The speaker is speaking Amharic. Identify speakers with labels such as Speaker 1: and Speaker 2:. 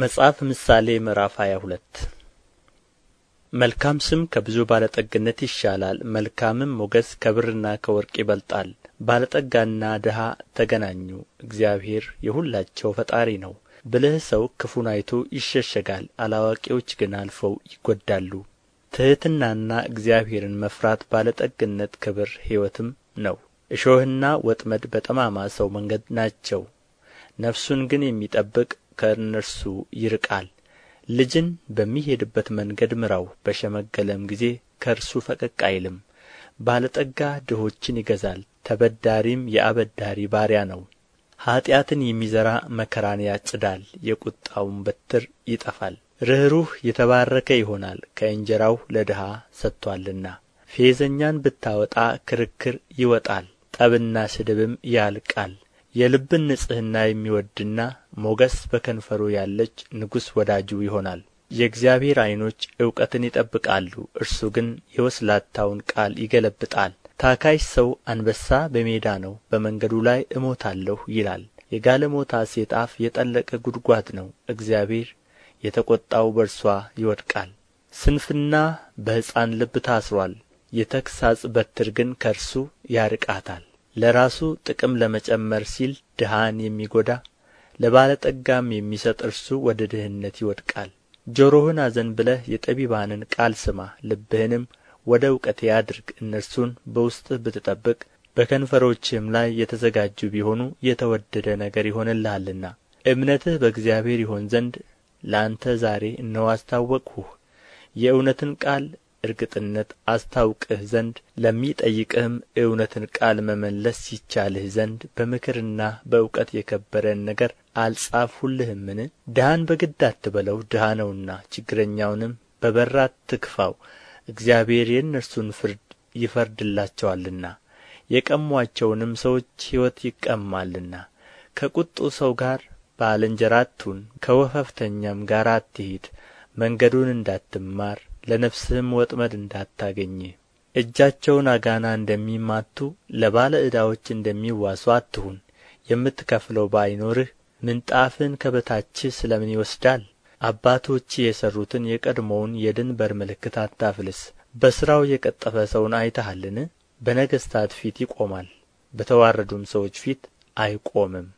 Speaker 1: መጽሐፍ ምሳሌ ምዕራፍ 22 መልካም ስም ከብዙ ባለጠግነት ይሻላል፣ መልካምም ሞገስ ከብርና ከወርቅ ይበልጣል። ባለጠጋና ድሃ ተገናኙ፣ እግዚአብሔር የሁላቸው ፈጣሪ ነው። ብልህ ሰው ክፉን አይቶ ይሸሸጋል፣ አላዋቂዎች ግን አልፈው ይጐዳሉ። ትሕትናና እግዚአብሔርን መፍራት ባለጠግነት፣ ክብር ሕይወትም ነው። እሾህና ወጥመድ በጠማማ ሰው መንገድ ናቸው፣ ነፍሱን ግን የሚጠብቅ ከእነርሱ ይርቃል ልጅን በሚሄድበት መንገድ ምራው በሸመገለም ጊዜ ከእርሱ ፈቀቅ አይልም ባለጠጋ ድሆችን ይገዛል ተበዳሪም የአበዳሪ ባሪያ ነው ኀጢአትን የሚዘራ መከራን ያጭዳል የቁጣውን በትር ይጠፋል ርኅሩህ የተባረከ ይሆናል ከእንጀራው ለድሃ ሰጥቶአልና ፌዘኛን ብታወጣ ክርክር ይወጣል ጠብና ስድብም ያልቃል የልብን ንጽሕና የሚወድና ሞገስ በከንፈሩ ያለች ንጉሥ ወዳጁ ይሆናል የእግዚአብሔር ዓይኖች እውቀትን ይጠብቃሉ እርሱ ግን የወስላታውን ቃል ይገለብጣል ታካይ ሰው አንበሳ በሜዳ ነው በመንገዱ ላይ እሞታለሁ ይላል የጋለሞታ ሴት አፍ የጠለቀ ጉድጓድ ነው እግዚአብሔር የተቈጣው በእርሷ ይወድቃል ስንፍና በሕፃን ልብ ታስሮአል የተግሣጽ በትር ግን ከእርሱ ያርቃታል ለራሱ ጥቅም ለመጨመር ሲል ድሃን የሚጎዳ! ለባለጠጋም የሚሰጥ እርሱ ወደ ድህነት ይወድቃል ጆሮህን አዘን ብለህ የጠቢባንን ቃል ስማ ልብህንም ወደ እውቀት ያድርግ። እነርሱን በውስጥህ ብትጠብቅ በከንፈሮችህም ላይ የተዘጋጁ ቢሆኑ የተወደደ ነገር ይሆንልሃልና እምነትህ በእግዚአብሔር ይሆን ዘንድ ለአንተ ዛሬ እነሆ አስታወቅሁህ የእውነትን ቃል እርግጥነት አስታውቅህ ዘንድ ለሚጠይቅህም እውነትን ቃል መመለስ ይቻልህ ዘንድ በምክርና በእውቀት የከበረን ነገር አልጻፍሁልህምን ድሃን በግድ አትበለው ድሀ ነውና ችግረኛውንም በበራ ትክፋው፣ እግዚአብሔር የእነርሱን ፍርድ ይፈርድላቸዋልና የቀሟቸውንም ሰዎች ሕይወት ይቀማልና ከቁጡ ሰው ጋር ባልንጀራ አትሁን ከወፈፍተኛም ጋር አትሂድ መንገዱን እንዳትማር ለነፍስህም ወጥመድ እንዳታገኝ እጃቸውን አጋና እንደሚማቱ ለባለ ዕዳዎች እንደሚዋሱ አትሁን የምትከፍለው ባይኖርህ ምንጣፍህን ከበታችህ ስለ ምን ይወስዳል አባቶች የሠሩትን የቀድሞውን የድንበር ምልክት አታፍልስ በሥራው የቀጠፈ ሰውን አይተሃልን በነገሥታት ፊት ይቆማል በተዋረዱም ሰዎች ፊት አይቆምም